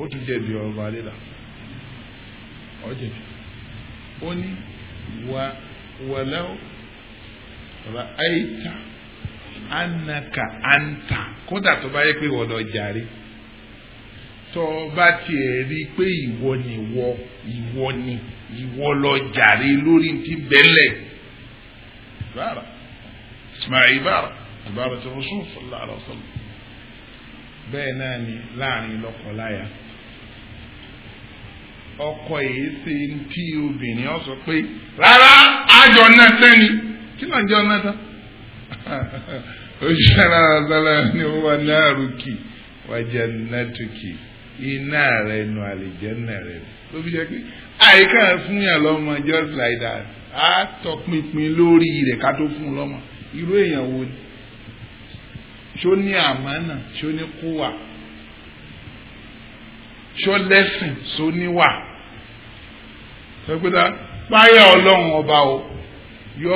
ó tún jẹ̀bi ọba lílà ó jẹ̀bi ó ní wà wàlẹ́ ra àìta anaka anta kódà tó bá yẹ pé wọ́n lọ jàre tó bá tiẹ̀ rí i pé ìwọ ni ìwọ ìwọ ni ìwọ lọ jàre lórí ti bẹ́lẹ̀ bára ismail bára ìbára tó ń sún fún làárọ̀ bẹ́ẹ̀ náà ni láàrin lọ́kọ̀ọ́láyà ọkọ èyí ṣe ń tí obìnrin ọ sọ pé rárá àjọ náà tẹ́ni kí náà jọ náà tán oṣù náà sọlá ni ó wà náà rúkì wájà náà tukì iná rẹ nu àlìjẹ́nà rẹ ló fi jẹ́ pé àyíká fún yàn lọ́mọ just like that á tọpinpin lórí rẹ̀ ká tó fún un lọ́mọ irú èèyàn wo ni ṣó ní àmánà ṣó ní kúwà. ṣó lẹ́sìn ṣó níwà páyà ọlọ́run ọba o yọ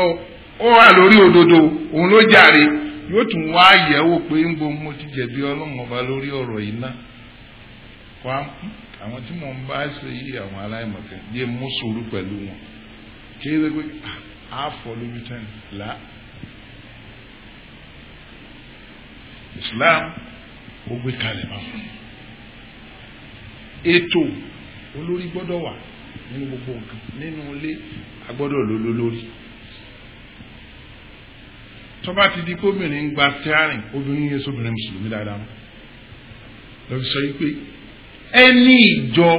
ó wà lórí òdodo òun ló jàre yóò tún wá pé ń ọba lórí ọ̀rọ̀ yìí ná àwọn tí ń bá ṣe yí àwọn yé mú sùúrù pẹ̀lú wọn kí ló Islam ó gbé ètò olórí gbọ́dọ̀ wà nínú gbogbo nǹkan nínú ilé agbọ́dọ̀ lóló lórí tó bá ti di pé obìnrin ń gba tíárìn obìnrin yẹn sóbìnrin mùsùlùmí dáadáa lọ fi sọ yìí pé ẹni ìjọ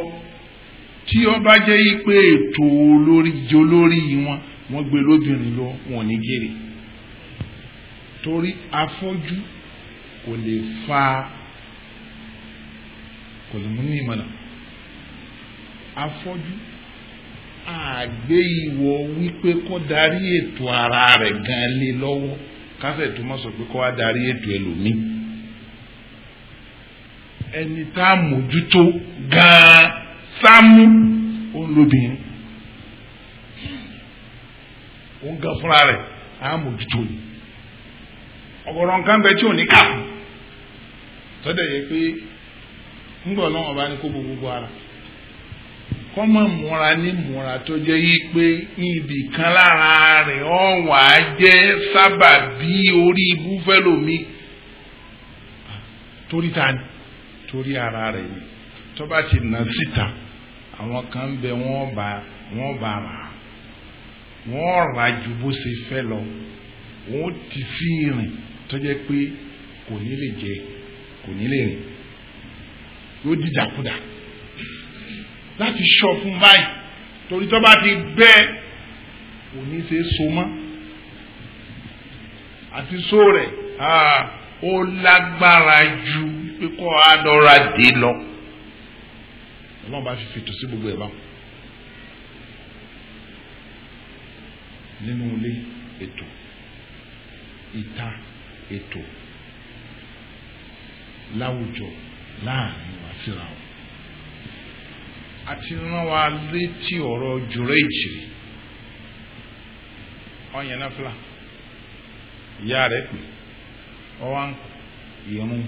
tí ó bá jẹ́ yìí pé ètò olórí jẹ́ olórí wọn wọ́n gbé lóbìnrin lọ wọn ò ní gèrè torí afọ́jú kò lè fa kò lè mú ní ìmọ̀lá afọ́jú àgbé ìwọ wípé kó darí ètò ara rẹ̀ gan lé lọ́wọ́ kásẹ̀ tó mọ̀ sọ pé kó wá darí ètò ẹlòmí ẹni tá a mójútó gan sámú òun lóbìnrin gan fúnra rẹ̀ á mójútó ni ọ̀gọ̀rọ̀ ní kà kọ́ mọ̀ múra ní múra tó jẹ́ yí pé ibì kan lára rẹ̀ ọ̀ jẹ́ sábà bí orí ibú fẹ́lòmí torí ta ni torí ara rẹ̀ ni tó bá ti nà síta àwọn kan ń bẹ wọ́n bá wọ́n bá rà wọ́n rà ju bó ṣe fẹ́ lọ wọ́n ti sí ìrìn tó jẹ́ pé kò ní lè jẹ kò ní lè rìn yóò dìjàkudà láti sọ fún báyìí torí tó bá ti gbẹ kò ní ṣe so mọ́ àti so rẹ̀ ó lágbára ju pé kọ́ adọ́ra dé lọ ọlọ́run bá fi fètò sí gbogbo ẹ̀ báwọn nínú ilé ètò ìta ètò láwùjọ láàrin wa síra wa. àti rán wa létí ọ̀rọ̀ jùrẹ́jì ọ̀yàn náà fúlà ya rẹ̀ pè ọwọ́ ìrún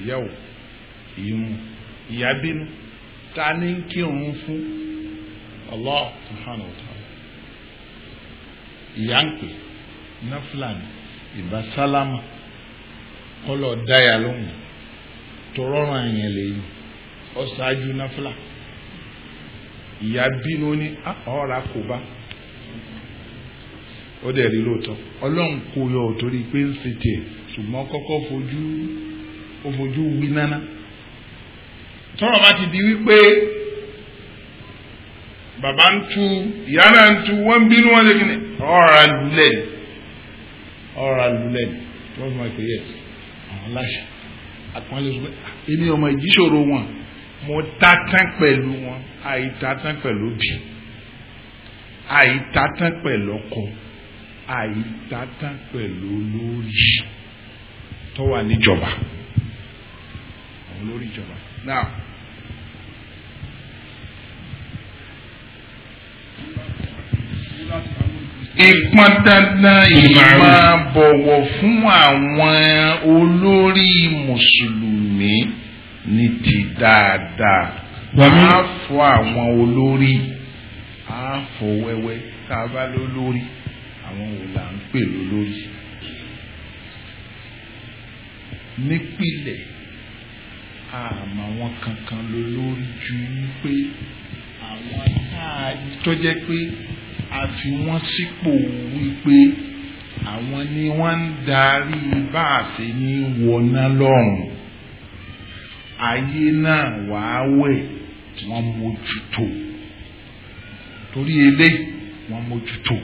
ìyàwó ìrún ìyá bínú ta ní kírun fún Allah subhanahu wa ya ìyá ń pè náà fúlàní ìbá sálámà kọlọ̀ dáyà lóhùn ọ̀ṣáájú náfìlà ìyá bínú ní ọ̀rá kò bá ó dẹ̀ rí lóòótọ́ ọlọ́run kò yọ torí pé ń ṣe tiẹ̀ ṣùgbọ́n kọ́kọ́ fojú ó fojú wí nánà tọ́rọ̀ bá ti di wípé bàbá ń tu ìyá náà ń tu wọ́n ń bínú wọn lé kíni ọ̀rá lulẹ̀ ọ̀rá lulẹ̀ wọ́n fi máa pè yẹ àwọn aláṣà àpọ́nlé sọ ah, èmi ọmọ ìjíṣòro wọn mo tatán pẹ̀lú wọn àìtatán pẹ̀lú bí àìtatán pẹ̀lú ọkọ àìtatán pẹ̀lú olórí tó wà níjọba olórí ìjọba now. ìpọn dandan ìmọ̀ bọ̀wọ̀ fún àwọn olórí mùsùlùmí ní ti dáadáa á fọ àwọn olórí á fọ wẹ́wẹ́ tá a bá lólórí àwọn wò là ń pè lólórí nípìlẹ̀ àmọ́ àwọn kankan lólórí ju wípé àwọn táà tó jẹ́ pé a fi wọ́n sípò wípé àwọn ni wọ́n ń darí bá a ṣe ní wọná lọ́rùn. ayé náà wàá wẹ̀ wọ́n mójútó torí eléyìí wọ́n mójútó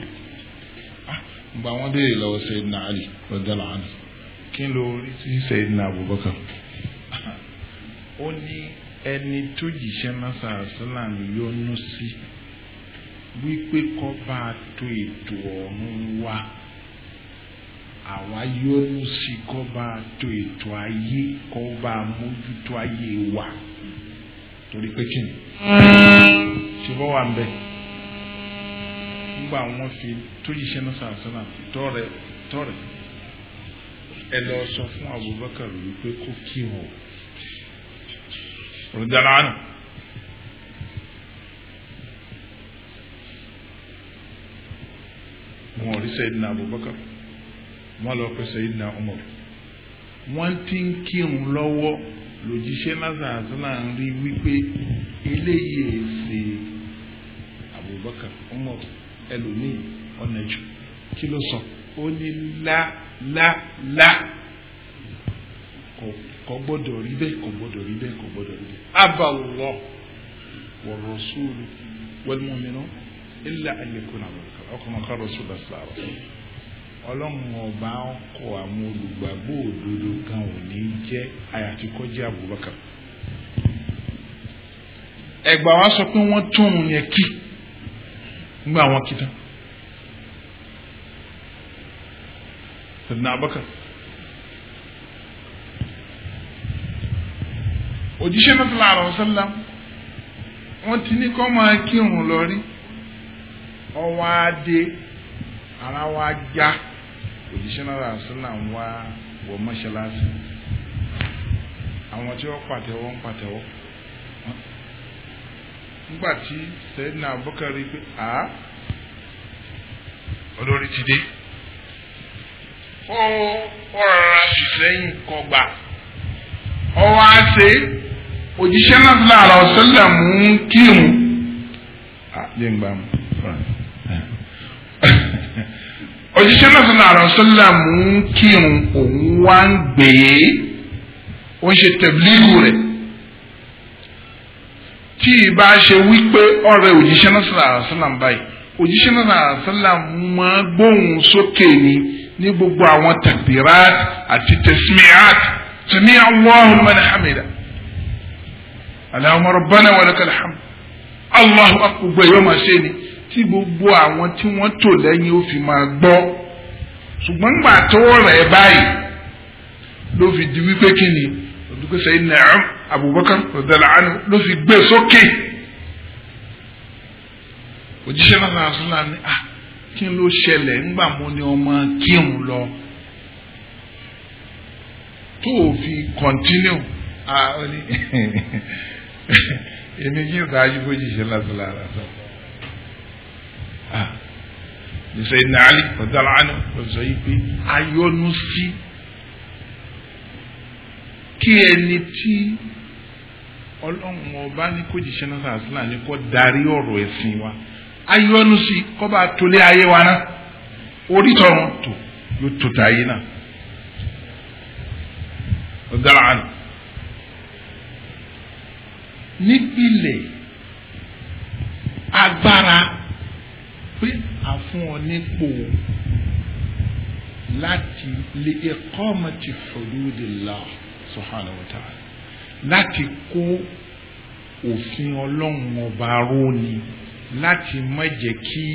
ah, gba wọn béèrè lọ́wọ́ Sayyidina Ali rọdàlá àná kí ló rí sí Abubakar ó ní ẹni tó jìṣẹ́ náà sí wípé kọ́ bá a tó ètò wa. àwa yọ́nú si kó bá a ètò ayé kó bá wa torí pé kí ni tí wọ́n wà ń nígbà wọn fi tóyí iṣẹ́ náà tọ́rẹ̀ tọ́rẹ̀ ẹ lọ sọ fún Abubakar wípé kó kí wọn rọdàlá nù. wọn ò rí sẹ́yìn ní Abubakar. wọ́n lọ pé Sayyidina Umar wọ́n ti ń kírun lọ́wọ́ lòjíṣẹ́ lásàásì náà ń rí wípé eléyìí èsè Abubakar Umar ẹlòmíì ọ̀nà jù kí ló sọ ó ní lá lá lá kò gbọ́dọ̀ rí bẹ́ẹ̀ kò gbọ́dọ̀ rí bẹ́ẹ̀ kò gbọ́dọ̀ rí bẹ́ẹ̀ abà wọ wọ rọṣúlù wal mu'minun illa ọkọ mọkà rọṣúlù àṣà rọṣúlù ọlọ́run ọba ọkọ̀ àwọn olùgbàgbọ́ òdodo kan ò ní jẹ́ àyàfi kọjá Abubakar ẹgbà wa sọ pé wọ́n tún un yẹn kí nígbà wọn kí tán sẹ̀dínà Abubakar òjíṣẹ́ náà tọ́lá àrọ̀ sẹ́lá wọ́n ti ní kọ́ máa kírun lọ rí ọwọ́ adé ara wa já. Ja. òjíṣẹ́ náà sílà ń wá wọ àwọn tí wọ́n pàtẹ́wọ́ ń pàtẹ́wọ́ nígbà tí sẹ́yìn náà Abubakar pé a olórí ti dé ó rọra ìsẹ́yìn kọgbà ọwọ́ á ṣe òjíṣẹ́ náà sílà àlọ́ sílẹ̀ mú a òjíṣẹ́ náà sọ̀rọ̀ àròsọ́là mú kírun òun wá ń gbé ó ń ṣe tẹ̀blígù rẹ̀ tí ìbá ṣe wípé ọ̀rẹ́ òjíṣẹ́ náà sọ̀rọ̀ àròsọ́là ń báyìí òjíṣẹ́ náà sọ̀rọ̀ àròsọ́là máa gbóhùn sókè ni ní gbogbo àwọn takbirat àti tasmiat sami Allahu liman hamida Allahumma rabbana wa lakal hamd Allahu akbar yóò máa ṣe ni tí gbogbo àwọn tí wọ́n tò lẹ́yìn ó fi máa gbọ́ ṣùgbọ́n gbà tọwọ́ rẹ̀ báyìí ló fi di wípé kí ni ọ̀dùkọ́sẹ̀ iná Abubakar rọ̀dọ̀lá ló fi gbé e sókè òjíṣẹ́ náà náà sọ́la ni ah kí ló ṣẹlẹ̀ ńgbà mo ni ọmọ kírun lọ tó o fi kọ́ntínú ah ó ní èmi kí n sáájú bójì ṣe lásìlára sọ. Ah. nisẹyi naali ọdala anu ọsọ yìí pé ayọnu sí kí ẹni tí ọlọ́run ọba ní kó jíṣẹ́ náà sàásìlà ní kó darí ọ̀rọ̀ ẹ̀sìn wa ayọnu sí kó bá tolé ayé wa náà orítọ̀run tó yóò tó ta ayé náà ọdala anu nípìnlẹ̀ agbara pé àfún ọ nípò láti lè iqamati hududillah subhanahu wa ta'ala láti kó òfin ọlọ́run ọba róni láti má jẹ́ kí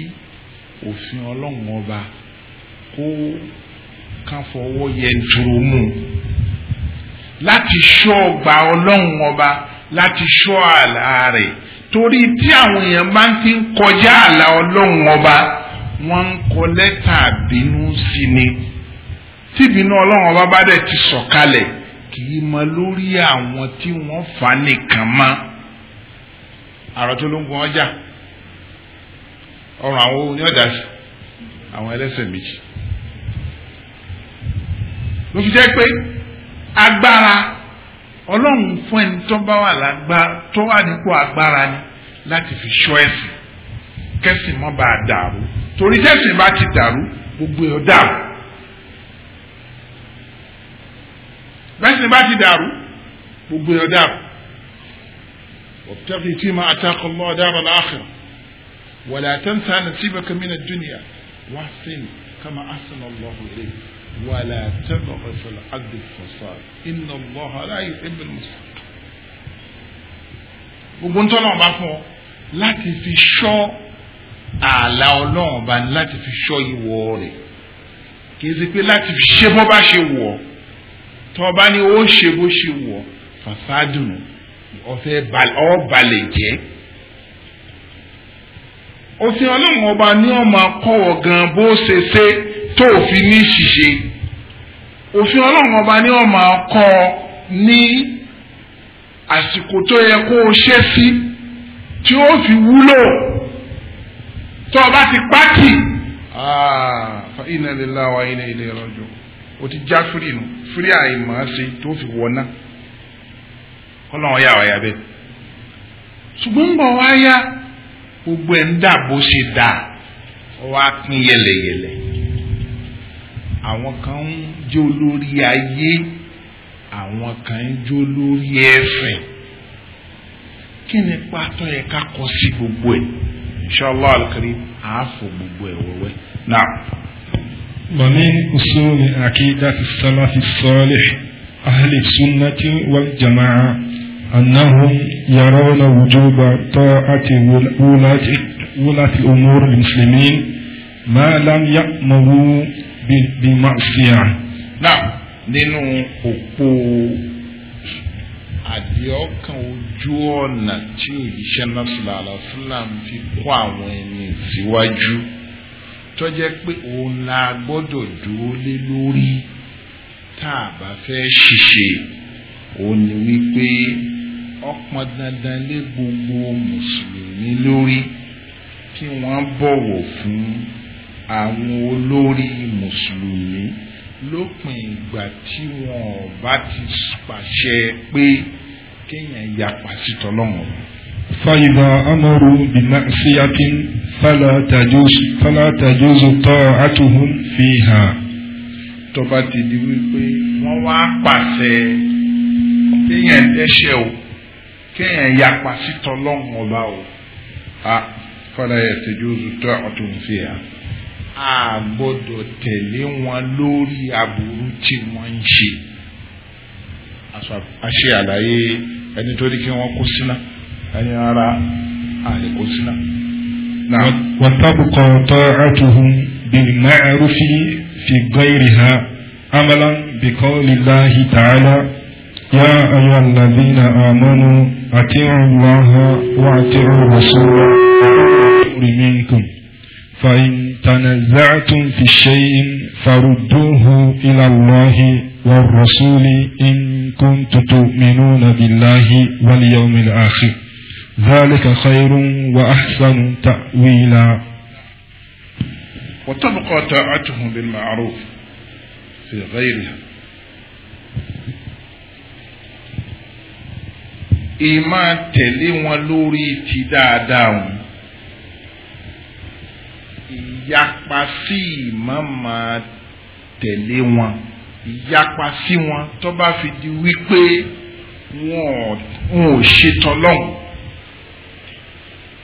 òfin ọlọ́run ọba kó kàn fọwọ́ yẹn dúró mú láti ṣọ́ ọgbà ọlọ́run ọba láti ṣọ́ àlá rẹ̀ torí tí àwọn èèyàn bá ti ń kọjá àlà ọlọ́run ọba wọ́n ń kọ lẹ́tà bínú sí ni tíbínú ọlọ́run ọba bá dẹ̀ ti sọ̀kalẹ̀ kì í mọ lórí àwọn tí wọ́n fà nìkan mọ́ àrò ló ń gun ọjà ọrùn àwọn ohun ní ọjà sí àwọn ẹlẹ́sẹ̀ méjì ló fi jẹ́ pé agbára ọlọ́run fún ẹni tó bá wà lágbá tó wà nípò agbára ni láti fi ṣọ́ ẹ̀sìn kẹ́sìn mọ́ bá a dàrú torí tẹ́sìn bá ti dàrú gbogbo ẹ̀ dàrú bẹ́sìn bá ti dàrú gbogbo ẹ̀ dàrú wabtaghi fima ataka Allah dara al-akhirah wala tansa nasibaka mina ad-dunya wahsin kama ahsana ولا تبغس العبد الفساد إن الله لا يحب المفسدين gbogbo ń tọ́lọ́ ọba fún ọ láti fi ṣọ́ ààlà ọlọ́run ọba ni láti fi ṣọ́ ìwọ rẹ̀ kì í ṣe pé láti fi ṣe bó bá ṣe wọ̀ tọ́ ọba ni ó ṣe bó ṣe wọ̀ fàṣádùn ọ̀fẹ́ ọ̀balẹ̀ jẹ́ òfin ọlọ́run ọba ni ó máa kọ́ gan bó ṣe ṣe tó o fi ní ṣìṣe òfin ọlọ́run ọba ni ọmọ ọkọ ní àsìkò tó yẹ kó o ṣe sí tí ó fi wúlò tó o bá ti pátì fa inna wa inna ilayhi raji'un o ti já fúri nù fúri àìmọ̀ ṣe tó fi wọná ọlọ́run yà wáyà bẹ́ẹ̀ ṣùgbọ́n bọ̀ wáyà gbogbo ẹ̀ ń dà bó ṣe dà ọ wá pín yẹlẹyẹlẹ àwọn kan ń jó lórí ayé àwọn kan ń jó lórí ẹ̀fẹ̀ kí ni pátọ́ yẹ ká kọ́ sí gbogbo ẹ̀ inshallah al-karim àáfò gbogbo ẹ̀ wẹ́wẹ́ náà. wàmí usul aqidati as-salafi as-salih ahli sunnati wal jama'a annahum yarawna wujuba ta'ati wulati wulati umur muslimin ma lam ya'muru bí màsíà náà nínú òpó àdìọ́kàn ojú ọ̀nà tí òjíṣẹ́ náà sílá àlàsílà ń fi kó àwọn ẹni síwájú tó jẹ́ pé òun la gbọ́dọ̀ dúró lé lórí tá a bá fẹ́ ṣiṣẹ́ òun ni wípé ó pọn dandan lé gbogbo mùsùlùmí lórí kí wọ́n bọ̀wọ̀ fún àwọn olórí mùsùlùmí lópin ìgbà tí wọn ò bá ti pàṣẹ pé kéèyàn yapa sí tọ́lọ́run. fàyìbà amọ̀rò bìnnà síyàtì fálá tàjóso tọ́ àtúhùn fi hàn. tọ́ba ti di wípé wọ́n wá pàṣẹ kéèyàn dẹ́ṣẹ̀ o kéèyàn yapa sí tọ́lọ́run ọba o. a fálá yẹ tọ́ àtúhùn fi hàn a gbọ́dọ̀ tẹ̀lé wọn lórí aburú tí wọ́n ń ṣe a ṣe àlàyé ẹni tó ní kí wọ́n kó síná ẹni ara àlè kó síná. وتبقى طاعتهم بالمعروف في غيرها عملا بقول الله تعالى يا أيها الذين آمنوا أطيعوا الله وأطيعوا الرسول منكم فإن تنزعتم في شيء فردوه إلى الله والرسول إن كنتم تؤمنون بالله واليوم الآخر ذلك خير وأحسن تأويلا وتبقى طاعته بالمعروف في غيرها إيمان تلي ولوري lórí ìyapa sí ìmọ̀ọ́mà tẹ̀lé wọn ìyapa sí wọn tó bá fi di wípé wọn ò ṣe tọlọ́hún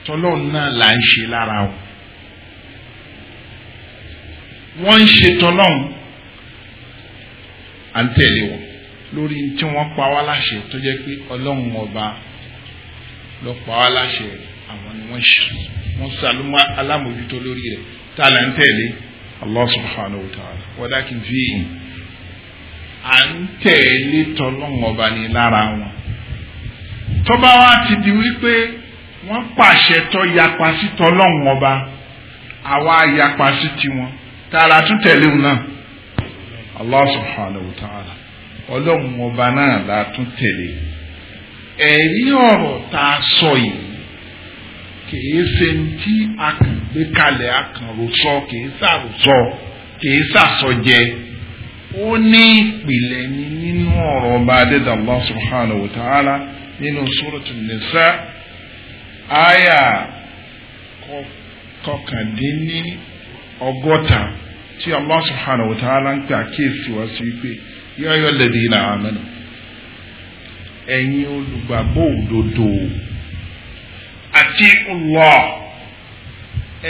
tọlọ́hún náà là ń ṣe lára o wọ́n ń ṣe tọlọ́hún à ń tẹ̀lé wọn lórí tí wọ́n pa wá láṣẹ tó jẹ́ pé ọlọ́run ọba ló pa wá láṣẹ rẹ̀ àwọn ni wọ́n ṣe wọ́n sàlùmọ́ alámòjútó lórí rẹ̀ tá a là ń tẹ̀lé Allah subhanahu wa ta'ala walakin fi à ń tẹ̀lé tọ́lọ́wọ́n ọba ni lára wọn tọ́ba wa ti di wípé wọ́n pàṣẹ tọ́ yapa sí tọ́lọ́wọ́n ọba àwa yapa sí tiwọn tá a là tún tẹ̀lé wọn náà Allah subhanahu wa ta'ala ọlọ́run ọba náà la tún tẹ̀lé ẹ̀rí ọ̀rọ̀ tá a sọ yìí kìí ṣe tí a kàn gbé kalẹ̀ a kàn rọ̀ṣọ kìí ṣàròṣọ kìí ṣàṣọjẹ ó ní ìpìlẹ̀ ní nínú ọ̀rọ̀ ọba adéda subhanahu wa ta'ala nínú suratul nisa aya kọkàndínní ọgọ́ta tí Allah subhanahu wa ta'ala ń pè àkíyèsí wá sí wípé yọ́yọ́ lẹ́dí ìlànà ẹ̀yin olùgbàgbọ́ ati'u Allah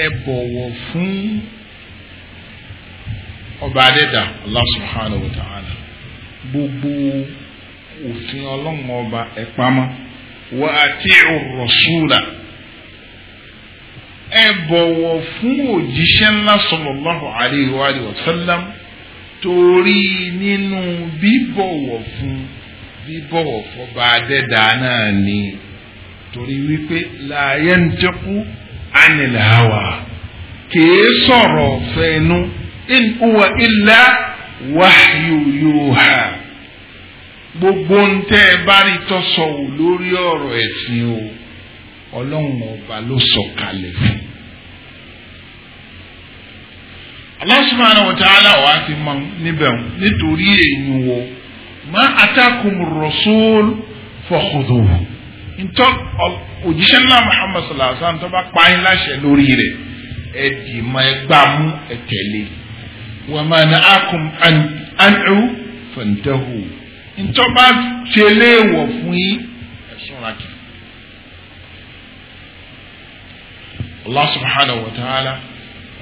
ẹ bọ̀wọ̀ fún ọba adẹ́dà Allah subhanahu wa ta'ala gbogbo òfin ọlọ́run ọba ẹ pamọ́ wa ati'u rasula ẹ bọ̀wọ̀ fún òjíṣẹ́ ńlá sallallahu alayhi wa sallam torí nínú bíbọ̀wọ̀ fún bíbọ̀wọ̀ fọba adẹ́dà náà ni torí wípé láàyè ń tẹ́kù ánìlẹ̀ àwà kìí sọ̀rọ̀ fẹ́nu in huwa illa wahyu yuha gbogbo ń tẹ́ ẹ bá rí tọ́sọ̀ wò lórí ọ̀rọ̀ ẹ̀sìn o ọlọ́run ọba ló sọ kalẹ̀ fún un. Allah subhanahu wa ta'ala wa ti mọ níbẹ̀ nítorí èyí wo ma atakum rasul fa ntọ́ òjíṣẹ́ náà Muhammad sallallahu alaihi wa sallam tó bá pa yín láṣẹ lórí rẹ̀ ẹ dì mọ́ ẹ gbà mú ẹ tẹ̀lé wa ma na'akum an'u fantahu ntọ́ bá ṣe léèwọ̀ fún yín ẹ sọ̀rọ̀ kì. Allah subhanahu wa ta'ala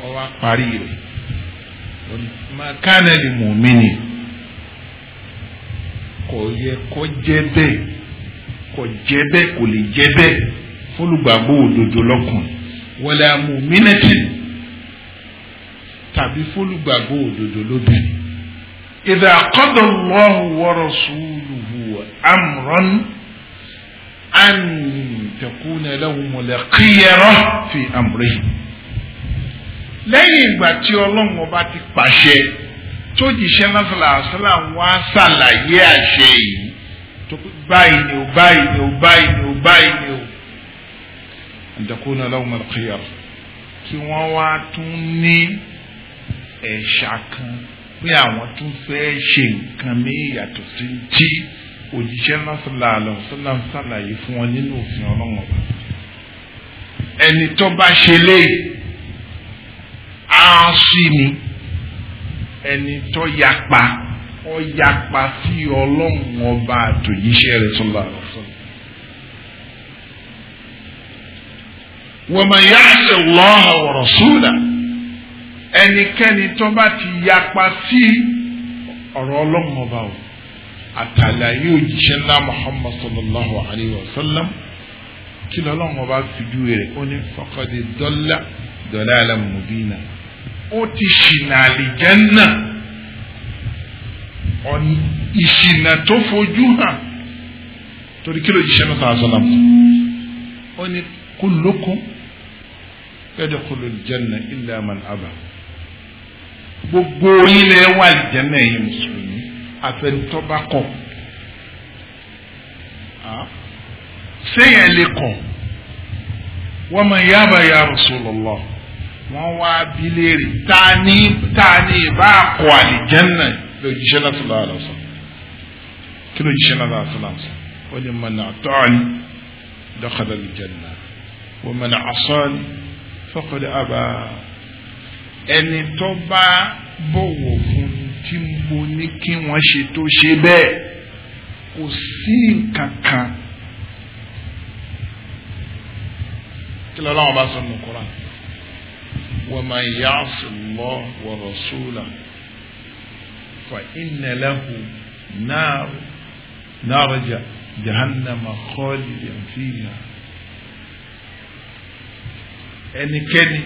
wọ́n wá rẹ̀ ma kana li mu'mini kò yẹ kó jẹ́ bẹ́ẹ̀ kò jẹ́ bẹ́ẹ̀ kò lè jẹ́ bẹ́ẹ̀ fólùgbàgbọ́ òdodo lọ́kùnrin wọlé amúmínẹ́tì tàbí fólùgbàgbọ́ òdodo lóbìnrin. idha qadallahu wa rasuluhu amran an takuna lahumul khiyarah fi amrihim. lẹ́yìn ìgbà tí ọlọ́run ọba ti pàṣẹ tó jíṣẹ́ náà sọ̀rọ̀ àṣàlà wọn á àṣẹ yìí tó báyìí ni o báyìí ni o báyìí ni o báyìí ni o àdàkùn aláwọ̀ mọ̀lẹ́kìyàrá kí wọ́n wá tún ní ẹ̀ṣà kan pé àwọn tún fẹ́ ṣe nǹkan ní ìyàtọ̀ sí tí òjíṣẹ́ lọ́sọ̀lá àlọ́sọ̀lá ṣàlàyé fún wọn nínú òfin ọlọ́wọ́n ọba ẹni tó bá ṣe léyìí á sí ni ẹni tó yapa ọ̀yàpá sí ọlọ́run ọba àtòjíṣẹ́ rẹ̀ tún lára fún un. wa man ya'si Allaha wa rasulahu ẹnikẹ́ni tó bá ti yapa sí ọ̀rọ̀ ọlọ́run ọba o àtàlàyé òjíṣẹ́ ńlá Muhammad sallallahu alayhi wa sallam kí lọ́lọ́run ọba fìdú rẹ̀ ó ní faqad dalla dalalan mubina ó ti ṣìnà àlìjẹ́ náà ìṣìnà tó fojú hàn torí kí ló jíṣẹ́ náà sàn sọ́nà ó ní kullukum yadkhulu al-janna illa man aba gbogbo ilẹ̀ wà al-janna yìí mùsùlùmí àfẹnutọ́ba kọ̀ sẹ́yìn lè kọ̀ wa man yaba ya Rasulullah wọ́n wá abilé rè ta bá kọ̀ al-janna yìí lójúṣẹ́ náà sọ̀rọ̀ àlọ́ sọ kí lójúṣẹ́ náà sọ̀rọ̀ àlọ́ sọ wọ́n ní mọ̀nà àtọ́ni dọ́kadà lè jẹ́nà wọ́n mọ̀nà àsọ́ni fọ́kọ̀dé àbá ẹni tó bá bọ̀wọ̀ fún tí mo ní kí wọ́n ṣe tó ṣe bẹ́ẹ̀ kò sí nǹkan kan kí lọ́la wọn bá sọ nù kúrán wọ́n máa yá sùn lọ́ wọ́n rọ̀ sùn lọ́wọ́ fa inna lahu náàrú náàrú jà jahannama khalidan fiha ẹnikẹ́ni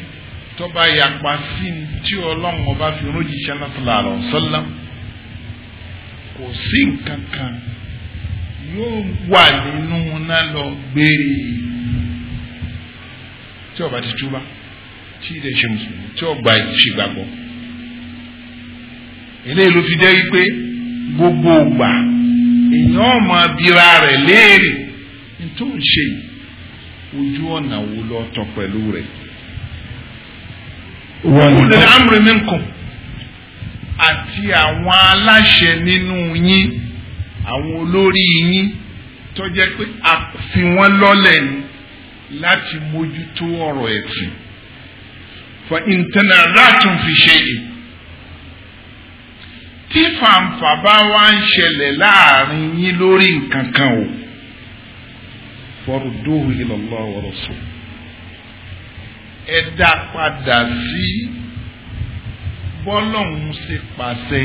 tó bá yapa sí tí ọlọ́run ọba fi rójìṣẹ́ lọ́tọ̀lá rọ̀ sọ́lá kò sí nǹkan yóò wà nínú iná lọ gbére tí ọba ti túbá tí ilé ṣe mùsùlùmí tí ọgbà ìṣègbàgbọ́ eléyìí ló fi jẹ́ wípé gbogbo ògbà èèyàn ọmọ abira rẹ̀ léèrè tó ń ṣe ojú ọ̀nà wo lọ tọ̀ pẹ̀lú rẹ̀. wọ́n lè amúre mi kàn àti àwọn aláṣẹ nínú yín àwọn olórí yín tó pé a wọ́n lọ́lẹ̀ ni láti mójútó ọ̀rọ̀ ẹ̀sìn. fa ìntẹ̀nà látún fi ṣe èyí tí fàǹfà bá wá ń ṣẹlẹ̀ láàrin yín lórí nǹkan kan o farudduhu ila Allah wa rasul ẹ dá padà sí bọ́lọ́hún ṣe pàṣẹ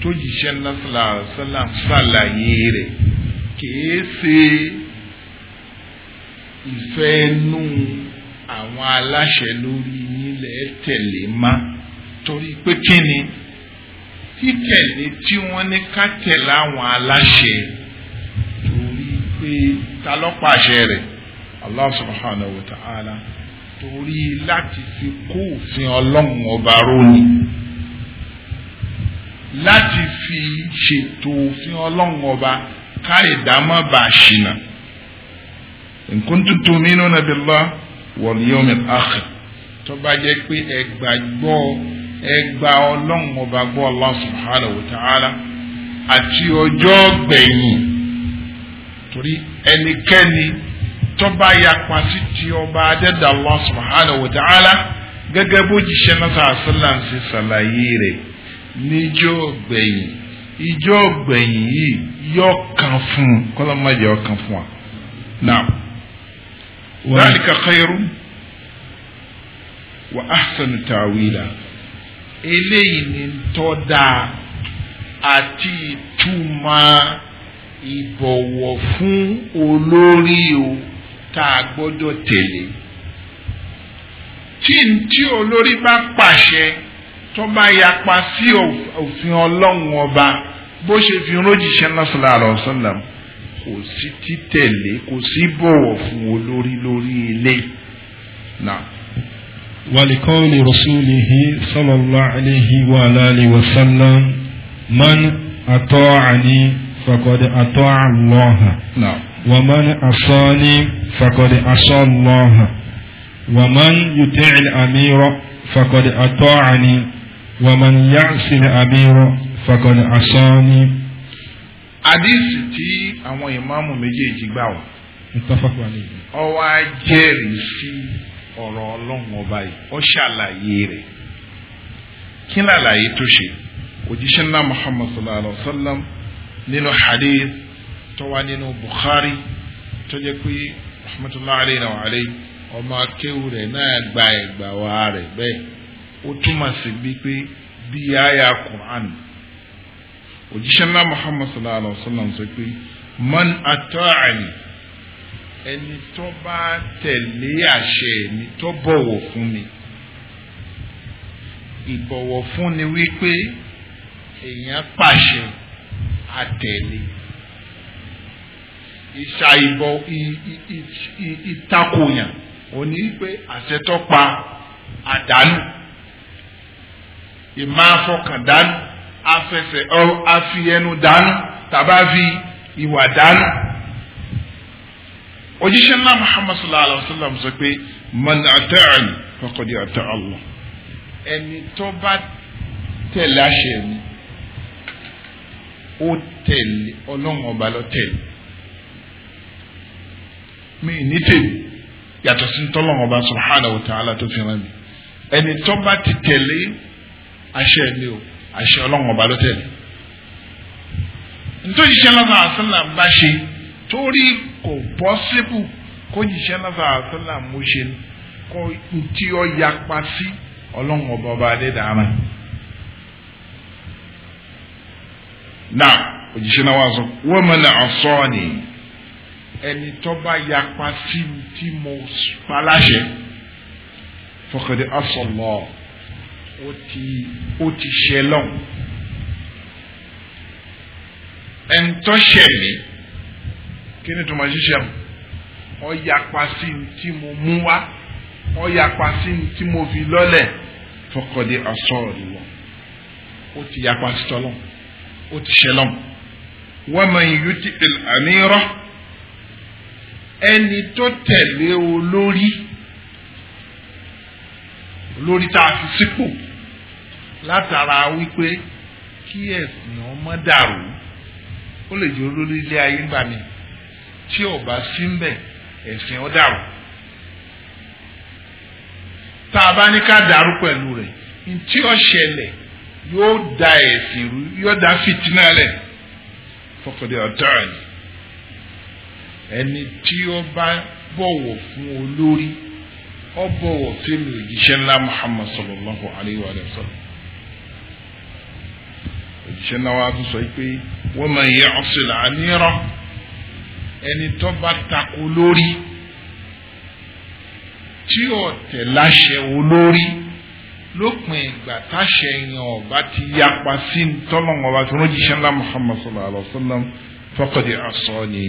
tó jíṣẹ́ lásìlàsílà ṣàlàyé rẹ̀ kìí ṣe ìfẹ́ nú àwọn aláṣẹ lórí yín lẹ́ẹ̀ má torí pé kí ni títẹ̀lé tí wọ́n ní ká tẹ̀lé àwọn aláṣẹ torí pé ta ló pàṣẹ rẹ̀ Allah subhanahu wa ta'ala torí láti fi kó òfin ọlọ́run ọba rónì láti fi ṣètò òfin ọlọ́run ọba ká ìdámọ́ ṣìnà in kuntum tu'minuna billah wal yawmil akhir tó bá jẹ́ pé ẹ gbàgbọ́ ẹgbà ọlọ́run ọba gbọ́ Allah subhanahu wa ta'ala àti ọjọ́ gbẹ̀yìn torí ẹnikẹ́ni tọ́ba yapa sí ti ọba adẹ́dà Allah subhanahu wa ta'ala gẹ́gẹ́ bó jíṣẹ́ náà sàásìlà ń ṣe ṣàlàyé rẹ̀ níjọ́ gbẹ̀yìn ìjọ́ gbẹ̀yìn yìí yọ kan fún kọ́lọ́mọdé ọkàn fún wa. Naam. Dhalika khayrun wa ahsanu ta'wila eléyìí ni tọ́da àti ìtumọ̀ ìbọ̀wọ̀ fún olórí o tá a gbọ́dọ̀ tẹ̀lé tí tí olórí bá pàṣẹ tó bá yapa sí òfin ọlọ́run ọba bó ṣe fi rójìṣẹ́ náà àrọ̀ sọ̀lá kò sí títẹ̀lé kò sí bọ̀wọ̀ fún olórí lórí ilé náà. ولقول رسوله صلى الله عليه وآله وسلم من أطاعني فقد أطاع الله ومن أصاني فقد أصى الله ومن يطع الأمير فقد أطاعني ومن يعصي الأمير فقد أصاني àdìsí tí àwọn ìmáàmù méjèèjì gbà wọ́n. ó wá jẹ́rìí ọ̀rọ̀ ọlọ́run ọba yìí ó ṣàlàyé rẹ̀ kí ni àlàyé tó ṣe òjíṣẹ́ ńlá muhammad sallallahu alayhi wa sallam nínú hadith tó wà nínú bukhari tó jẹ́ pé rahmatullahi alayhi wa alayhi ọmọ akéwù rẹ̀ náà gba ẹ̀gbà wa rẹ̀ bẹ́ẹ̀ ó túmọ̀ sí bí pé bí àyà quran òjíṣẹ́ ńlá muhammad sallallahu alayhi wa sallam sọ pé man ata'ani ẹni tó bá tẹ̀lé àṣẹ mi tó bọ̀wọ̀ fún mi ìbọ̀wọ̀ fún ni wípé èèyàn pàṣẹ àtẹ̀lé ìṣàìbọ̀ ìtakòyàn òní pé àṣẹ tó pa àdánù ìmáfọkàndánù afẹsẹ̀ ọ afi ẹnu dánù tàbá fi ìwà dánù òjíṣẹ́ ńlá muhammad sallallahu alayhi wa sallam sọ pé man ata'ani faqad ata Allah ẹni tó bá tẹ̀lé àṣẹ mi ó tẹ̀lé ọlọ́run ọba ló tẹ̀lé mi ní tèmi yàtọ̀ sí tọ́lọ́run ọba subhanahu wa ta'ala tó fi rán mi ẹni tó bá ti tẹ̀lé àṣẹ mi o àṣẹ ọlọ́run ọba ló tẹ̀lé nítorí iṣẹ́ àṣẹ náà bá ṣe torí kò pọ́síbù kó jíṣẹ́ náà sàásánà mú ṣe kó ntí ọ yapa sí ọlọ́run ọba ọba adédára. náà òjíṣẹ́ náà wà sọ wọ́n mọ̀ náà ọ̀sọ́ ẹni tó bá yapa sí tí mo paláṣẹ fọkàdé asọ̀lọ́ ó ti ó ti ṣẹlọ́n ẹ̀ńtọ́ṣẹ̀ mi kí ni tuma ṣiṣẹ́ mu ó yapa sí ní tí mo mú wá ó yapa sí ní tí mo fi lọ́lẹ̀ fọkọ̀dé asọ́ọ̀rì wọ̀ ó ti yapa sí tọ́lọ̀ ó ti ṣẹlọ̀ wa man yuti al-amira ẹni tó tẹ̀lé olórí olórí tá a fi sípò látara wípé kí ẹ̀sìn ọmọ dàrú ó lè jẹ́ olórí ilé ayé gbà mí tí ò bá sí ń bẹ̀ ẹ̀sìn ó dàrú tá a bá ní ká dàrú pẹ̀lú rẹ̀ tí ó ṣẹlẹ̀ yóò da ẹ̀sìn rú yóò da fìtínà lẹ̀ fọkàndé ọ̀tọ̀ yìí ẹni tí ó bá bọ̀wọ̀ fún olórí ó bọ̀wọ̀ fún òjíṣẹ́ ńlá Muhammad sallallahu alayhi wa sallam òjíṣẹ́ náà wàá tún sọ pé wọ́n máa yẹ ọ̀sùn làáníràn ẹni tó bá tako lórí tí ò tẹ̀ láṣẹ olórí lópin ìgbà táṣẹ yẹn ọba ti yapa sí tọ́lọ́mọ ọba tó rọ́jíṣẹ́ ńlá Muhammad sallallahu alayhi wa sallam faqad asani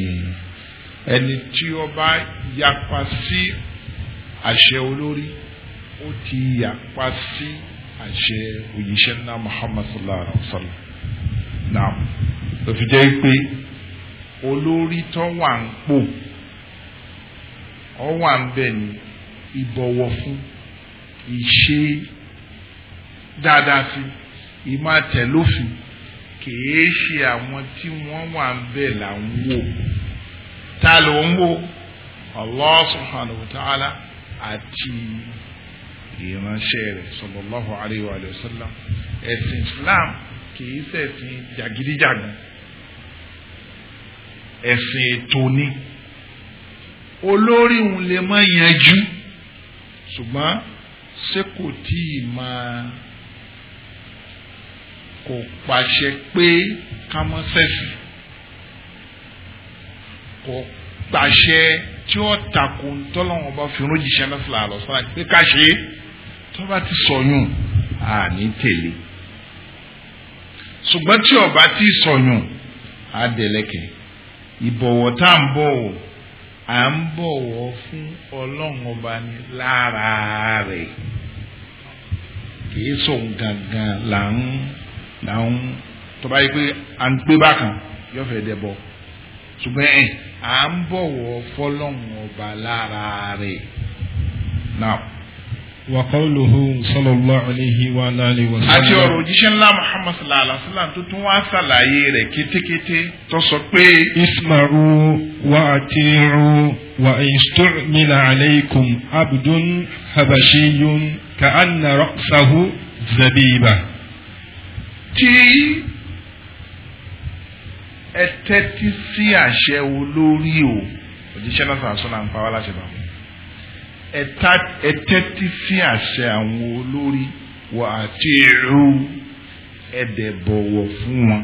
ẹni tí ó bá yapa sí àṣẹ olórí ó ti yapa sí àṣẹ òjíṣẹ́ ńlá Muhammad sallallahu alayhi wa sallam naam òfin jẹ́ pé olórí tó wà ń pò ọ wà ń bẹ̀ ní ìbọ̀wọ̀ fún ìṣe dáadáa sí ìmọ̀ àtẹ̀lófin kìí ṣe àwọn tí wọ́n wà ń bẹ̀ là wò ta ló ń wò Allah subhanahu wa ta'ala àti ìránṣẹ́ rẹ̀ sallallahu alayhi wa sallam ẹ̀sìn Islam kìí ṣẹ̀sìn jàgídíjàgan ẹ̀sìn ètò ni olórí òun lè mọ yanjú ṣùgbọ́n ṣé kò tí ì máa kò pàṣẹ pé ká mọ́ sẹ́sì kò pàṣẹ tí ó takò tọ́lọ́wọ́n bá fi rújìṣẹ́ náà sílẹ̀ àlọ́ pé ká ṣe é tó bá ti sọyún àní tèlé ṣùgbọ́n tí ó ti sọyún á dẹ̀lẹ́kẹ̀ẹ́ ìbọ̀wọ̀ tá à ń bọ̀wọ̀ à ń bọ̀wọ̀ fún ọlọ́run ọba ní lára rẹ̀ kìí sòun gangan là ń là ń tọ́ba yìí pé à ń gbé bákan yóò fẹ́ dẹ̀ bọ̀ ṣùgbọ́n ẹ̀ à ń bọ̀wọ̀ fọlọ́run ọba lára rẹ̀ náà wa qawluhu sallallahu alayhi wa alihi wa sallam. àti ọ̀rọ̀ òjíṣẹ́ ńlá muhammad sallallahu alayhi wa sallam tó tún wá ṣàlàyé rẹ̀ kétékété tó sọ pé. ismaru wa atiru wa istumila alaykum abdun habashiyun ka'anna ra'sahu zabiba. tí ẹ tẹ́tí sí àṣẹ olórí o òjíṣẹ́ náà sọ̀rọ̀ sọ́nà pa wá láti bàbá ẹ tẹ́tí sí àṣẹ àwọn olórí wà àti ìrú ẹ̀dẹ̀ bọ̀wọ̀ fún wọn.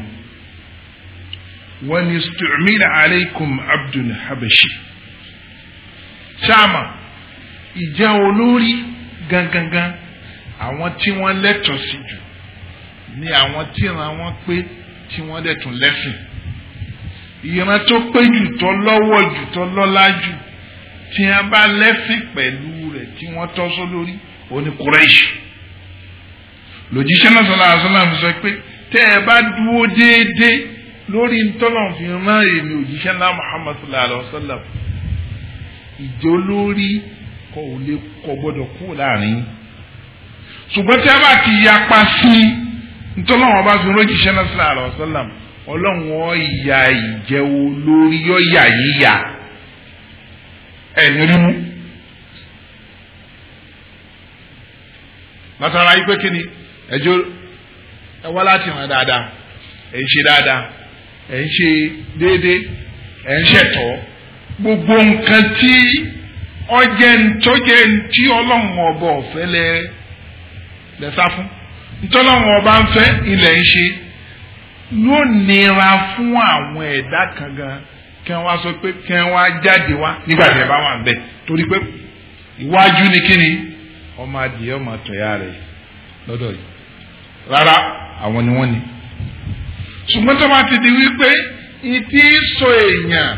wọ́n ní stu'mila aleikum abdul habashi. sáàmà ìjẹ́ olórí gangangan àwọn tí wọ́n lẹ́tọ̀ọ́ sí jù ni àwọn tí ìran pé tí wọ́n dẹ̀ lẹ́sìn ìran tó pé jù tó lọ́wọ́ jù tó lọ́lá jù tí wọ́n bá lẹ́sìn pẹ̀lú rẹ̀ tí wọ́n tọ́ sọ lórí òní kúrẹ́ṣì lòjíṣẹ́ náà sọlá àṣọlá fi sọ pé tẹ́ ẹ bá dúró déédéé lórí ntọ́nà fi èmi òjíṣẹ́ náà Muhammad sọlá àlọ́sọ́lá ìjọ lórí kò lè kò gbọ́dọ̀ kú láàrin ṣùgbọ́n tí a bá ti yapa sí ntọ́nà wọn bá fi rójíṣẹ́ náà sọlá àlọ́sọ́lá ọlọ́run ọ̀ ìyà ìjẹun lórí yọ̀ yà yíyà ẹni rí mú. látara yí pé kí ni ẹjọ́ ẹ wá láti hàn dáadáa ẹ ń ṣe dáadáa ẹ ń ṣe déédéé ẹ ń ṣẹ̀tọ́ gbogbo nǹkan tí ọjẹ́ ntọ́jẹ́ ntí ọlọ́run ọba ọ̀fẹ́ lẹ lẹ́sà fún ntọ́lọ́run ọba ń fẹ́ ilẹ̀ ń ṣe ló nira fún àwọn ẹ̀dá kan gan kí wọ́n wá sọ pé kí wá jáde wá nígbà tí ẹ bá wà bẹ́ẹ̀ torí pé iwájú ni kí ni ọmọ adìyẹ ọmọ àtọ̀yà rẹ̀ lọ́dọ̀ yìí rárá àwọn ni wọ́n ni. ṣùgbọ́n tó bá ti di wípé ìdí sọ èèyàn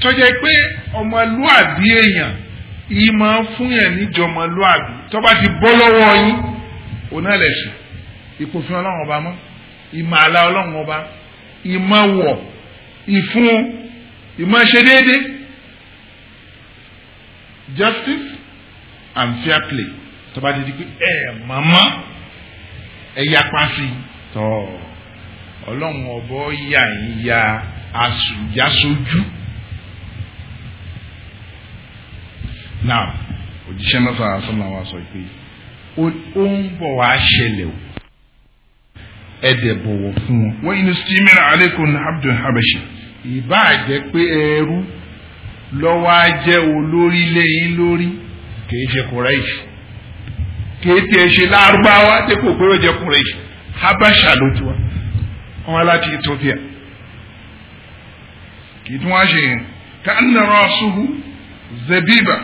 tó jẹ́ pé ọmọlúàbí èèyàn yìí máa ń fún yàn níjọ ọmọlúàbí tó bá ti bọ́ lọ́wọ́ yín òun náà lẹ̀ ọlọ́run ọba mọ́ ìmọ̀ àlà ọlọ́run ọba ìmọ̀ wọ̀ ìfún ìmọ̀ọ́ṣe déédéé justice and fair play tó bá ti di pé ẹ màmá ẹ yapa sí tọ ọlọ́run ọ̀bọ yà ń ya asùnjásojú now òjíṣẹ́ mẹ́fà sọ́nà wa sọ pé ó ń bọ̀ wá ṣẹlẹ̀ o ẹ dẹ̀ bọ̀wọ̀ fún wọn. wọ́n yìí ní sítí mìíràn alaykum abdul habashi. Iba jẹ́ pé ẹrú lọ́wọ́ á jẹ́ olórí lẹ́yìn lórí kìí ṣe kùrẹ́ṣì kìí tiẹ̀ ṣe lárúbáwá tí kò gbọ́dọ̀ jẹ́ habasha ló ti wá wọn láti ethiopia kì tún wá ṣe yẹn ká zebiba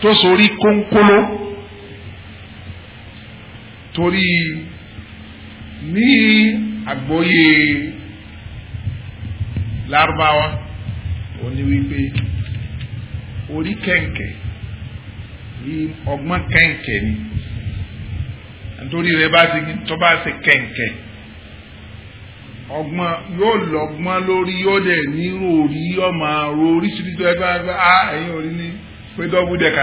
tó sori kónkóló torí ní. àgbóyè lárúbáwá ó ní wípé orí kẹ̀ǹkẹ̀ ọgbọ́n kẹ̀ǹkẹ̀ ni nítorí rẹ bá ti tó bá ṣe kẹ̀ǹkẹ̀ ọgbọ́n yóò lọ́gbọ́n lórí yóò dẹ̀ nírò orí ọmọ àrò oríṣiríṣi ẹgbẹ́ ẹgbẹ́ ah ẹ̀yin orí ni pé dọ́bù dẹ̀ kà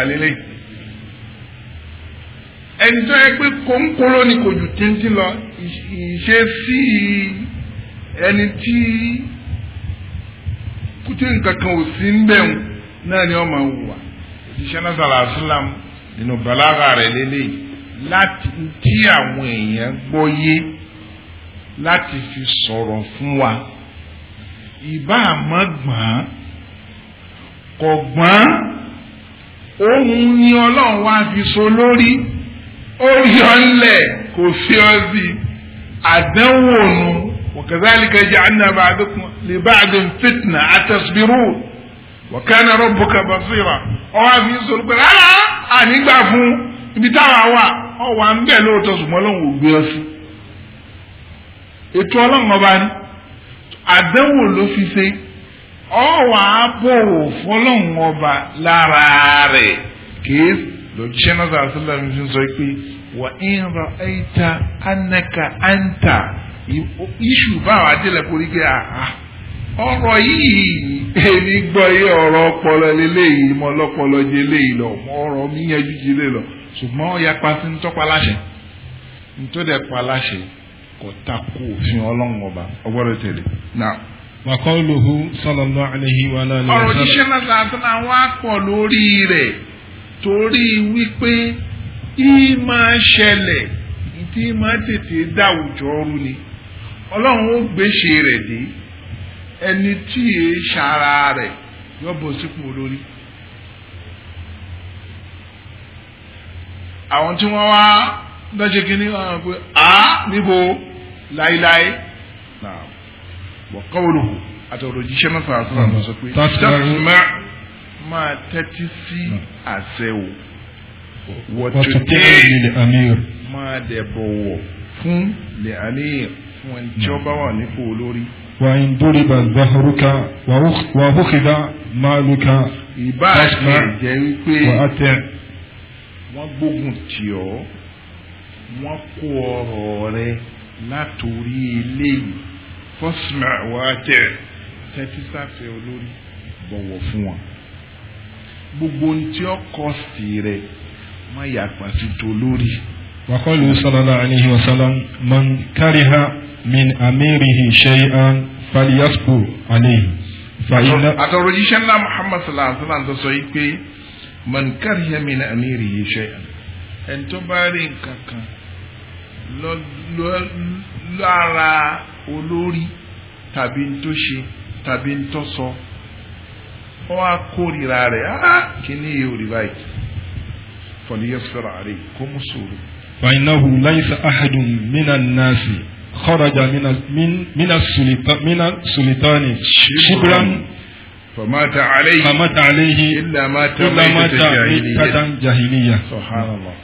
ẹni tó yẹ pé kónkóró ni kò jù tíntín lọ ìṣesí ẹni tí kúté nǹkan kan ò sí ń bẹ̀rù náà ni wọ́n máa wù wá òṣìṣẹ́ náà sàlà sílám nínú bàlágà rẹ̀ lélẹ́yìí láti tí àwọn èèyàn gbọ́ yé láti fi sọ̀rọ̀ fún wa ìbá àmọ́ gbọ́n kò gbọ́n ohun ni ọlọ́run wá fi so lórí. ó yọ ńlẹ̀ kò fi ọ́ sí وكذلك جعلنا بعضكم لبعض فتنة أتصبرون وكان ربك بصيرا ọwọ́ àfi sọ̀rọ̀ pé rárá ànígbà fún ibi táwa wà ọwọ́ à ń bẹ̀ lóòótọ́ ṣùgbọ́n ọlọ́run ò gbé ọ fi don shi na za su lamishin sarki wa in ra'aita annaka anta isu baa délẹ̀ kò rí pé ah, ah, ọ̀rọ̀ yìí èmi gbọ́ yé ọ̀rọ̀ ọpọlọ mọ ọlọ́pọlọ jẹ léyìí lọ ọrọ mi yẹn jíjí lé lọ láṣẹ pa láṣẹ kò òfin ọba ọ̀rọ̀ náà sàtúnà pọ̀ lórí rẹ̀. torí wípé yìí máa ṣẹlẹ̀ tí máa tètè dá àwùjọ ọrú ni ọlọ́run ó gbéṣe rẹ̀ dé ẹni tí èé ṣara rẹ̀ yọ bọ̀ sípò lórí. àwọn tí wọ́n wá lọ́jọ́ kínní wọn á pé a níbo láíláí wọ́n kọ́ wọ́n lò wò àtọ̀rọ̀ jíṣẹ́ mẹ́fà àtúntò àwọn sọ pé máa tẹ́tí sí hmm. àṣẹ o wọ́tútẹ́ máa dẹ̀ bọ̀wọ̀ fún lè àníyàn fún ẹni tí ó hmm. bá wà nípò olórí. wà á dórí bá zaharuka wà á hókìdá máàlùkà ìbáṣe jẹ́ wípé wọ́n gbógun tì ọ́ wọ́n kó ọ̀rọ̀ rẹ látòrí eléyìí fọ́sùmẹ̀ wà á tẹ̀ tẹ́tí sáfẹ́ olórí bọ̀wọ̀ fún wọn gbogbo ohun tí ó kọ sí rẹ má yàgbà sí tó lórí. wàkọ́lù sallallahu alayhi wa sallam man kariha min amirihi shay'an falyasbu alayhi. àtọ̀rọ̀ yíṣẹ́ ńlá muhammad sallallahu alayhi wa sallam tó sọ yìí pé man kariha min amirihi shay'an ẹni tó bá rí nǹkan kan lára olórí tàbí ń tàbí ń ó wá kórìíra rẹ̀ á kíní yìí ò rí báyìí fọlí yẹ sọ̀rọ̀ àárẹ̀ kó mú sùúrù. fàyínàhù láyìísá àhàdùn mínà nàásì kọ́rajà mínà sùlítánì ṣíbúrán fàmátà àlẹ́yìn fàmátà àlẹ́yìn ilà mátà mẹ́tẹ̀tẹ̀ jahiliya. subhanallah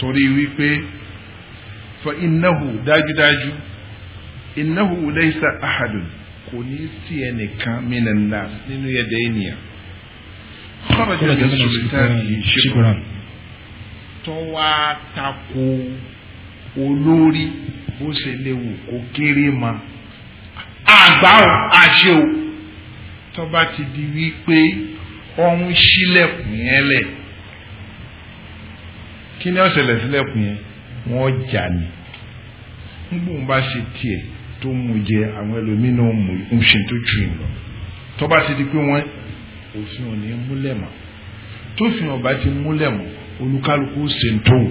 torí wípé fa innahu dájúdájú innahu láyìísá àhàdùn kò ní sí ẹnìkan mìíràn náà nínú ẹ̀dá ènìyàn. kọ́lọ̀jọ́ ní sultani shikuran tó wá tako olórí bó ṣe léwu kó kéré ma àgbà ò àṣẹ ò tó ti di wípé ọ̀hún ṣílẹ̀kùn yẹn lẹ̀ kí ni ó ṣẹlẹ̀ sílẹ̀kùn yẹn wọ́n jà ní ngbọ̀n bá ṣe tiẹ̀ tó mú jẹ àwọn ẹlòmíín náà mú ń ṣe tó jù yín lọ tó bá ti di pé wọ́n òfin ò ní múlẹ̀ mọ́ tófin ọba ti múlẹ̀ mọ́ olúkálukú ṣe ń tó wù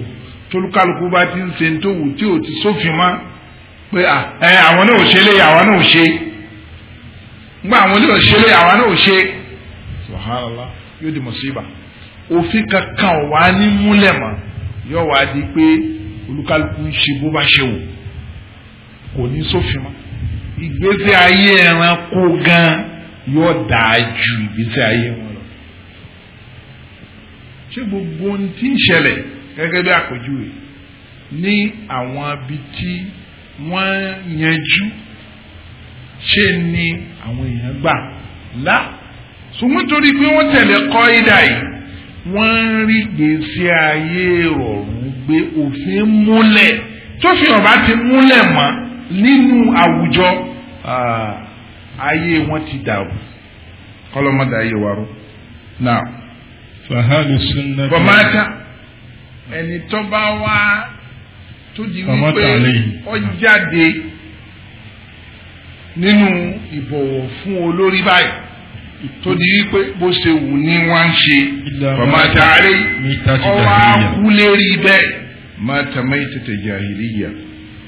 tolúkálukú bá ti ń ṣe ń tó wù tí ò ti sófin mọ́ pé ẹ àwọn náà ò ṣe lé àwọn náà ò ṣe ngbà àwọn náà ò ṣe lé àwọn náà ò ṣe subhanallah yóò di mùsíbà òfin kankan wà ní múlẹ̀ mọ́ yóò wá di pé olúkálukú ń ṣe bó bá ṣe wù kò ní sófin mọ́ ìgbésí ayé ẹranko gan yóò dáa ju ìgbésí ayé wọn lọ ṣé gbogbo ohun tí ń ṣẹlẹ̀ gẹ́gẹ́ bí àpèjúwe ní àwọn ibi tí wọ́n yanjú ṣe ni àwọn èèyàn gbà lá ṣùgbọ́n torí pé wọ́n tẹ̀lé kọ́ ìdá yìí wọ́n ń rí gbèsè ayé rọ̀rùn gbé òfin múlẹ̀ tófin ọ̀bá ti múlẹ̀ mọ́ nínú àwùjọ ah, ayé wọn ti dàrú kọlọmọdé ayé wa rú náà. fahali sunna. bọ̀mátà ẹni tó bá wá tó di wípé ó jáde nínú ìbọ̀wọ̀ fún olórí báyìí tó di wípé bó ṣe wù ní wọ́n ṣe bọ̀mátà rẹ̀ ọwọ́ akú lérí má tàmáì tètè jàhìlìyà.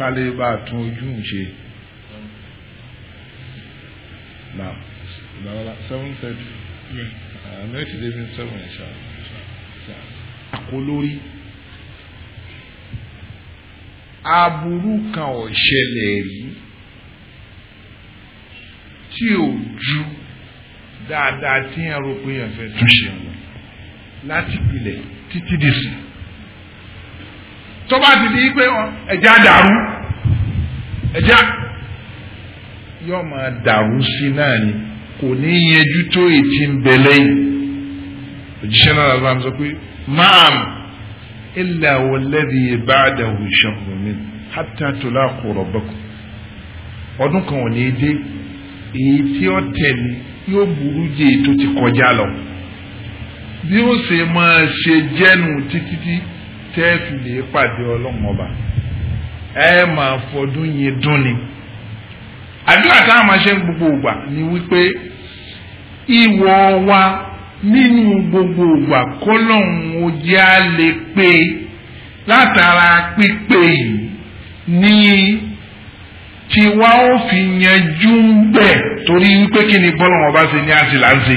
kálí bá tún ojú ń ṣe. Now, now seven thirty. Ah, yes. Uh, next day is seven inshallah. Àkólórí. Aburú kan ò ṣẹlẹ̀ rí tí ò ju dáadáa tí ẹ rò pé ẹ fẹ́ tún ṣe wọn láti pilẹ̀ títí dìsìn tó bá ti di pé ẹ̀já dàrú ẹ̀já yóò máa dàrú sí náà ni kò ní yẹjú tó ètí ń bẹ lẹ́yìn òjíṣẹ́ náà lọ́wọ́ àmì sọ pé máàm ilà wọlẹ́dì ìbáàdà òṣìṣẹ́ ọ̀mìn hátà tó lákòrò bọ́kù ọdún kan ò ní dé èyí tí ó tẹ̀lé yóò burú jẹ́ èyí ti kọjá lọ bí ó ṣe máa ṣe jẹ́nu títí tí tẹ́ẹ̀fì lè pàdé ọlọ́run ọba ẹ máa fọdún yẹn dún ni àdúrà táwọn máa ṣe ń gbogbo ògbà ni wípé ìwọ wa nínú gbogbo ògbà kọ́lọ́hún ó jẹ́ á lè pé látara pípé yìí ní tiwa ó fi yanjú ń bẹ̀ torí wípé kí ni bọ́lọ́hún ọba ṣe ní àṣìláṣe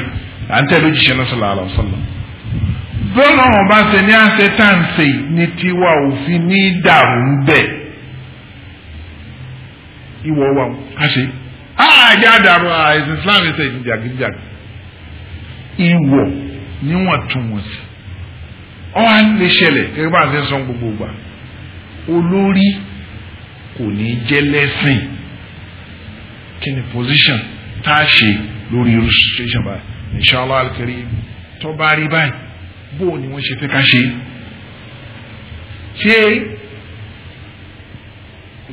à ń tẹ̀lé òjíṣẹ́ náà sallallahu alaihi wasallam. bọ́lá ọba bá ní àṣẹ tàǹṣe ní tiwa òfin ní dàrú ń bẹ̀ ìwọ wa káṣe àjẹ́ àdàrú àìsàn Islam ṣe jàgídíjàgí ìwọ níwọ̀n túnwọ̀sì ọ̀hà lè ṣẹlẹ̀ gẹ́gẹ́ bá sọ gbogbo gbà olórí kò ní jẹ́ lẹ́sìn kí ni position tá a ṣe lórí irú situation báyìí inshallah bó ni wọ́n ṣe fẹ́ ká ṣe ṣé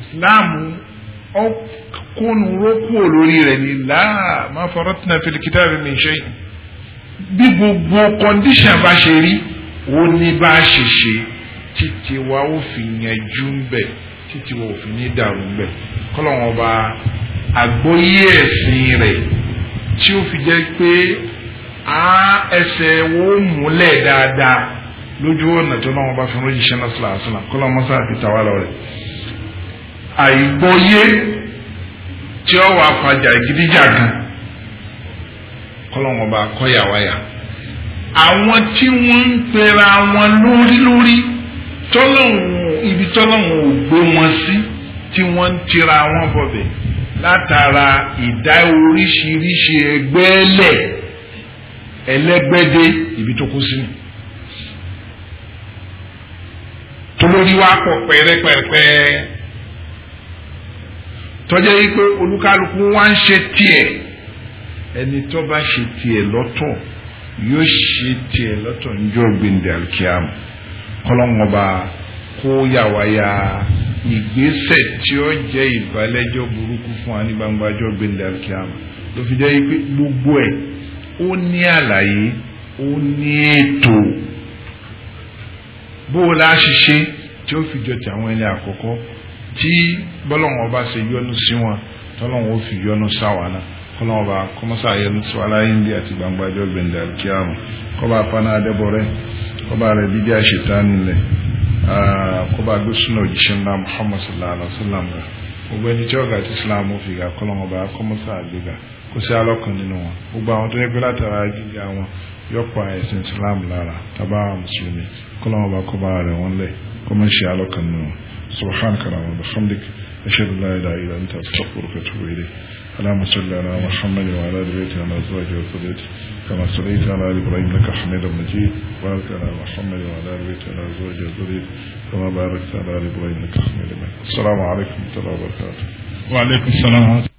ìsìláàmù ọkùnrin rókù olórí rẹ̀ ni láà má faratna fil kitabi min shay bí gbogbo kọ́ndíṣàn bá ṣe rí ó ní bá ṣe ṣe títí wa ó fi yanjú ń bẹ̀ títí wa ò fi ní dàrú ń bẹ̀ kọ́lọ́wọ́n ọba àgbóyé ẹ̀sìn rẹ̀ tí ó fi jẹ́ pé á ẹsẹ̀ wo múlẹ̀ dáadáa lójú ọ̀nà tó náà wọn bá fún lójì ṣẹ́nà sílàsílà kó lọ́n mọ́sá àti tàwa lọ rẹ̀. àìgbọ́yé tí ó wà fàjà gidija gan kó lọ́n wọn bá kọ́yà wáyà. àwọn tí wọ́n ń pera wọn lórí lórí tọ́lọ́hún ibi tọ́lọ́hún ò gbé wọn sí tí wọ́n ń tira wọn bọ̀bẹ̀ látara ìdá oríṣiríṣi ẹgbẹ́ lẹ̀ ẹlẹ́gbẹ́dé ibi tó kú sínú tolórí wa pọ̀ pẹ́rẹ́pẹ́rẹ́ tọ́jẹ́ yìí pé olúkálukú wá ń ṣe tiẹ̀ ẹni tó bá ṣe tiẹ̀ lọ́tọ̀ yóò ṣe tiẹ̀ lọ́tọ̀ níjọ́ gbẹ̀ndẹ̀ alkiam kọ́lọ́ngọba kó yàwáyà ìgbésẹ̀ tí ó jẹ́ ìbálẹ́jọ́ burúkú fún wa ní gbangbajọ́ gbẹ̀ndẹ̀ alkiam yìí pé gbogbo ẹ̀ ó ní àlàyé ó ní ètò bó o la ṣiṣẹ́ tí ó fi jọ ti àwọn ẹni àkọ́kọ́ tí bọ́lọ́wọ́n bá ṣe yọ́nú sí wọn tọ́lọ́wọ́n ó fi yọ́nú sáwa náà kọ́lọ́wọ́n bá kọ́mọ́sá yọ́nú sí wa láyé ń àti gbangba ẹjọ́ gbẹ̀ndẹ̀ kíámù kọ́ba paná adébọ̀rẹ́ kọ́ba rẹ̀ dídí àṣetánilẹ̀ kọ́ba gbé òjíṣẹ́ ńlá Muhammad sallallahu alaihi wa sallam gbogbo ẹni tí ọ̀gá tí islam fi gà kọ́ lọ́wọ́ bá kọ́mọ́sá àgbéga kò sí alọ́kàn nínú wọn gbogbo àwọn tó yẹ pé látara gíga wọn yọpa ẹ̀sìn islam lára tàbá mùsùlùmí kọ́ bá kọ́ bá rẹ̀ wọ́n lẹ̀ kọ́mọ́ ṣe nínú wọn subhanaka wa bihamdik ashhadu an la ilaha illa anta astaghfiruka wa atubu ilayk اللهم صل على محمد وعلى ال بيته وعلى ازواجه وذريته كما صليت على ال ابراهيم انك حميد مجيد وبارك على محمد وعلى ال بيته وعلى ازواجه وذريته كما باركت على ال السلام عليكم ورحمة الله وبركاته وعليكم السلام